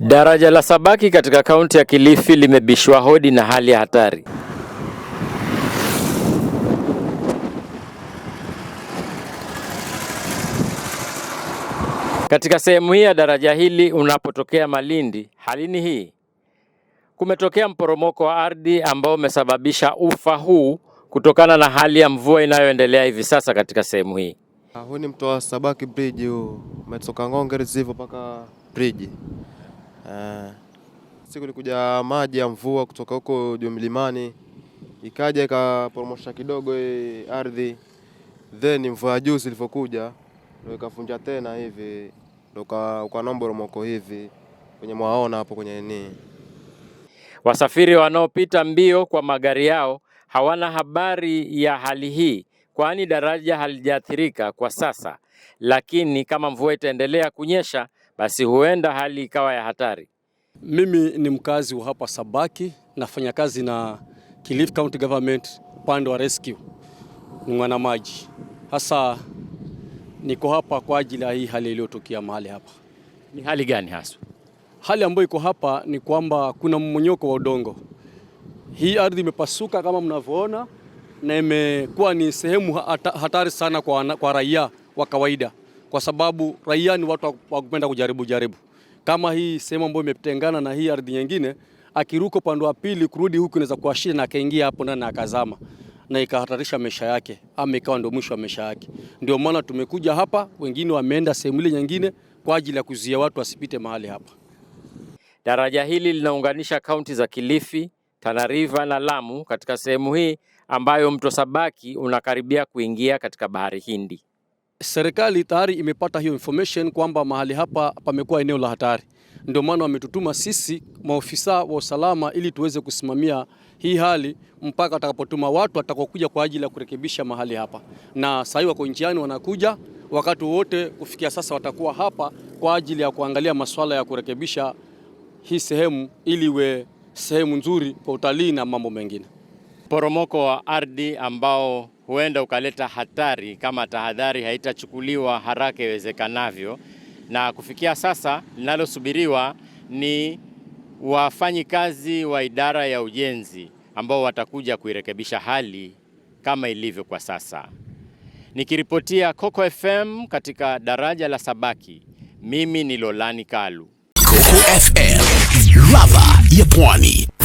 Daraja la Sabaki katika kaunti ya Kilifi limebishwa hodi na hali ya hatari. Katika sehemu hii ya daraja hili unapotokea Malindi, hali ni hii. Kumetokea mporomoko wa ardhi ambao umesababisha ufa huu kutokana na hali ya mvua inayoendelea hivi sasa katika sehemu hii. Huu ni mto wa Sabaki bridge huu, umetoka Ngongeri hivyo mpaka bridge. Eh. Siku ilikuja maji ya mvua kutoka huko juu mlimani ikaja ikaporomosha kidogo ardhi, then mvua ya juu zilivyokuja ndio ikavunja tena hivi, ndio ukaona mboromoko hivi kwenye mwaona hapo kwenye nini. Wasafiri wanaopita mbio kwa magari yao hawana habari ya hali hii, kwani daraja halijaathirika kwa sasa, lakini kama mvua itaendelea kunyesha basi huenda hali ikawa ya hatari. Mimi ni mkazi wa hapa Sabaki, nafanya kazi na Kilifi County Government upande wa rescue, ni mwana maji hasa. Niko hapa kwa ajili ya hii hali iliyotokea mahali hapa. Ni hali gani hasa? Hali ambayo iko hapa ni kwamba kuna mmonyoko wa udongo, hii ardhi imepasuka kama mnavyoona, na imekuwa ni sehemu hatari sana kwa, kwa raia wa kawaida kwa sababu raia ni watu wakupenda kujaribu jaribu. Kama hii sehemu ambayo imetengana na hii ardhi nyingine, akiruka upande wa pili kurudi huku inaweza kuwa shida, na akaingia hapo ndani akazama na ikahatarisha maisha yake ama ikawa ndio mwisho wa maisha yake. Ndio maana tumekuja hapa, wengine wameenda sehemu ile nyingine kwa ajili ya kuzuia watu wasipite mahali hapa. Daraja hili linaunganisha kaunti za Kilifi, Tana River na Lamu katika sehemu hii ambayo mto Sabaki unakaribia kuingia katika bahari Hindi serikali tayari imepata hiyo information kwamba mahali hapa pamekuwa eneo la hatari, ndio maana wametutuma sisi maofisa wa usalama ili tuweze kusimamia hii hali mpaka atakapotuma watu atakokuja kwa ajili ya kurekebisha mahali hapa, na sasa hivi wako njiani wanakuja wakati wote. Kufikia sasa watakuwa hapa kwa ajili ya kuangalia masuala ya kurekebisha hii sehemu ili iwe sehemu nzuri kwa utalii na mambo mengine. Poromoko wa ardhi ambao huenda ukaleta hatari kama tahadhari haitachukuliwa haraka iwezekanavyo. Na kufikia sasa linalosubiriwa ni wafanyikazi wa idara ya ujenzi ambao watakuja kuirekebisha hali kama ilivyo kwa sasa. Nikiripotia Coco FM katika daraja la Sabaki, mimi ni Lolani Kalu. Coco FM, ladha ya Pwani.